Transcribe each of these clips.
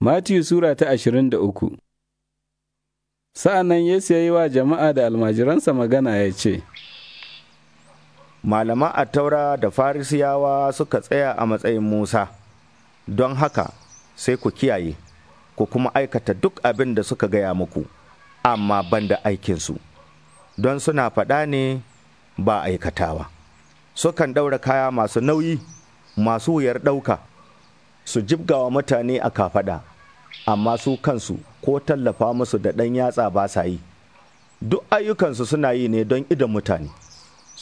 Matiyu Sura ta ashirin da uku Sa'an nan Yesu ya yi wa jama'a da almajiransa magana ya ce, Malama a taura da farisiyawa suka tsaya a matsayin Musa, don haka sai ku kiyaye, ku kuma aikata duk abin da suka gaya muku, amma banda aikinsu, don suna faɗa ne ba aikatawa. Sukan ɗaura kaya masu nauyi, masu wuyar ɗauka, su jibgawa mutane a kafada amma su kansu ko tallafa musu da ɗan yatsa ba sa yi duk ayyukansu suna yi ne don idan mutane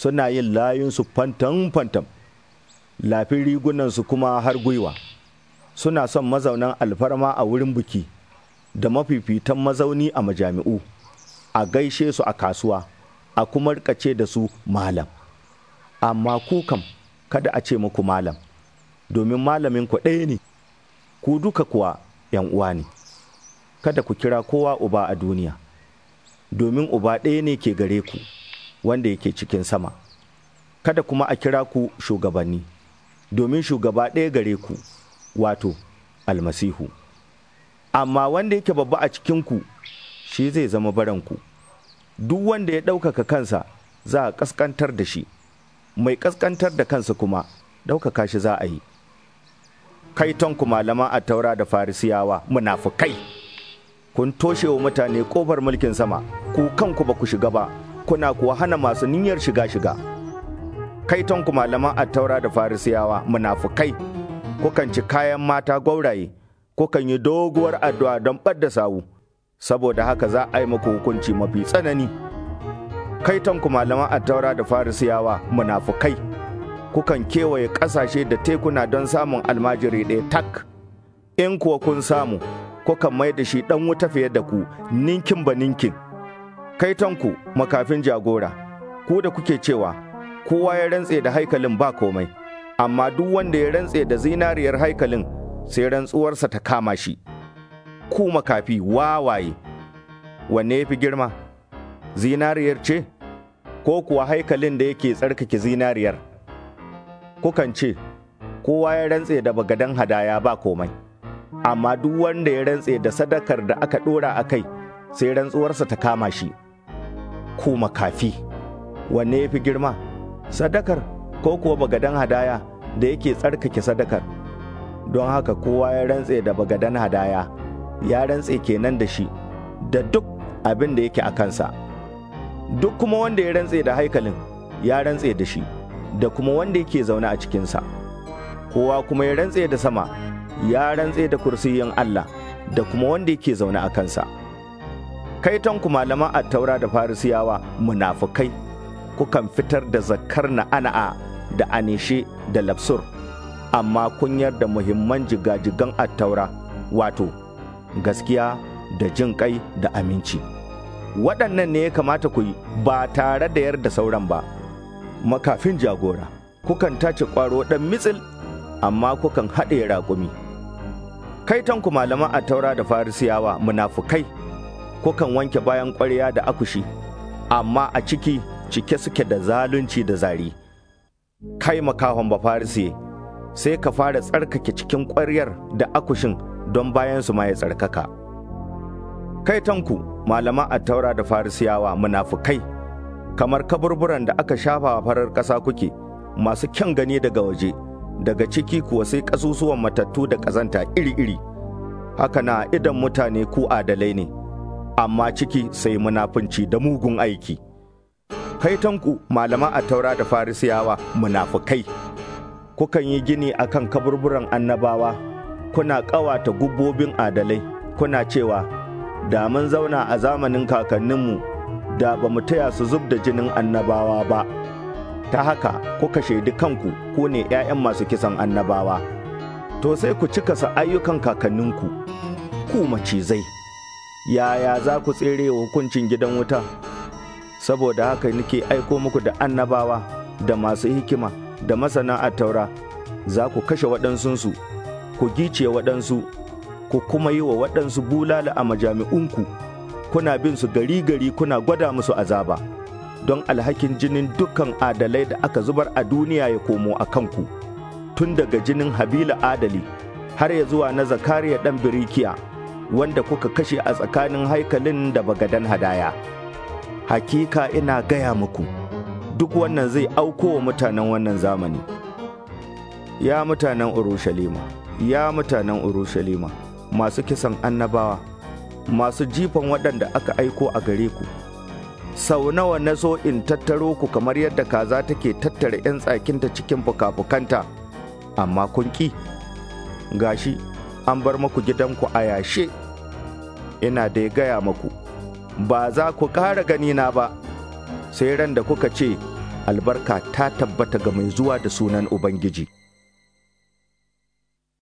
suna yin layunsu fantan-fantan lafin rigunansu kuma har gwiwa suna son mazaunan alfarma a wurin biki da mafifitan mazauni a majami'u a gaishe su a kasuwa a kuma rikace da su malam amma kukan kada a ce muku malam domin malamin ku ɗaya ne, ku duka kuwa ‘yan uwa ne, kada ku kira kowa uba a duniya, domin uba ɗaya ne ke gare ku wanda yake cikin sama, kada kuma a kira ku shugabanni, domin shugaba ɗaya gare ku, wato, almasihu. Amma wanda yake babba a cikinku shi zai zama baranku, duk wanda ya ɗaukaka kansa za a ƙasƙantar da shi, mai ƙasƙantar da kansa kuma ɗaukaka shi za a yi. kaitonku malama a taura da farisiyawa munafukai kun toshe wa mutane kofar mulkin sama ku kanku ba ku shiga ba kuna kuwa hana masu niyyar shiga shiga kaitonku malama a taura da farisiyawa munafukai kukan ci kayan mata gwauraye kukan yi doguwar addu'a don ɓadda sawu saboda haka za a yi muku hukunci mafi tsanani kaitonku malama a taura da farisiyawa munafukai kukan kewaye ƙasashe da tekuna don samun almajiri ɗaya tak, in kuwa kun samu, kukan mai da shi ɗan wuta fiye da ku ninkin ba ninkin. Kaitonku makafin jagora, ku da kuke cewa, kowa ya rantse da haikalin ba komai, amma duk wanda ya rantse da zinariyar haikalin sai rantsuwarsa ta kama shi. Ku makafi wawaye, wanne ya fi girma? Zinariyar ce? Ko kuwa haikalin da yake tsarkake zinariyar? kukan ce, Kowa ya rantse da bagadan hadaya ba komai, amma duk wanda ya rantse da sadakar da aka ɗora a kai sai rantsuwarsa ta kama shi. Ku makafi, wanne ya fi girma, sadakar ko kuwa bagadan hadaya da yake tsarkake sadakar. Don haka kowa ya rantse da bagadan hadaya, ya rantse kenan da shi, da duk abin da yake a kansa. Duk kuma wanda ya rantse da haikalin, ya rantse da shi. da kuma wanda yake zaune a cikinsa kowa kuma ya rantse da sama ya rantse da kursiyin Allah da kuma wanda yake zaune a kansa kaiton ku malaman attaura da farisiyawa munafukai kukan fitar da zakar na ana'a da anishe da lafsur amma kunyar da muhimman jigajigan attaura wato gaskiya da jin kai da aminci waɗannan ne ya kamata ku yi ba tare da yarda sauran ba makafin jagora, kukan tace ƙwaro ɗan mitsil, amma kukan haɗe raƙumi. ku malaman a taura da farisiyawa munafukai, kukan wanke bayan ƙwarya da akushi, amma a ciki cike suke da zalunci da zari. Kai makahon ba farisiye, sai ka fara tsarkake cikin ƙwaryar da akushin don bayan su ya tsarkaka. ku malaman a taura da farisiyawa munafukai. kamar kaburburan da aka shafa farar ƙasa kuke masu kyan gani daga waje daga ciki kuwa sai ƙasusuwan matattu da ƙazanta iri-iri haka na idan mutane ku adalai ne amma ciki sai munafunci da mugun aiki tanku, malama a taura da farisiyawa munafukai kukan yi gini akan kaburburan annabawa kuna ƙawata gubobin adalai kuna cewa da mun zauna a zamanin kakanninmu da ba mu taya su zub da jinin annabawa ba ta haka kuka shaidi kanku ko ne 'ya'yan masu kisan annabawa to sai ku cika sa ayyukan kakanninku ku macizai yaya za ku tsere wa hukuncin gidan wuta saboda haka nake aiko muku da annabawa da masu hikima da masana a taura za ku kashe waɗansunsu ku gice waɗansu ku kuma yi wa waɗansu bulala a majami'unku kuna bin su gari gari kuna gwada musu azaba don alhakin jinin dukkan adalai da aka zubar a duniya ya komo a kanku tun daga jinin habila adali har ya zuwa na zakariya ɗan birikiya wanda kuka kashe a tsakanin haikalin da bagadan hadaya hakika ina gaya muku duk wannan zai auko wa mutanen wannan zamani ya mutanen urushalima ya mutanen urushalima masu kisan annabawa masu jifan waɗanda aka aiko a gare ku. Sau nawa na so in tattaro ku kamar yadda kaza take tattara 'yan tsakinta cikin fukafukanta amma kun ƙi. Gashi, an bar maku gidanku a yashe. Ina da ya gaya maku, ba za ku ƙara ganina ba, sai ran da kuka ce, albarka ta tabbata ga mai zuwa da sunan Ubangiji.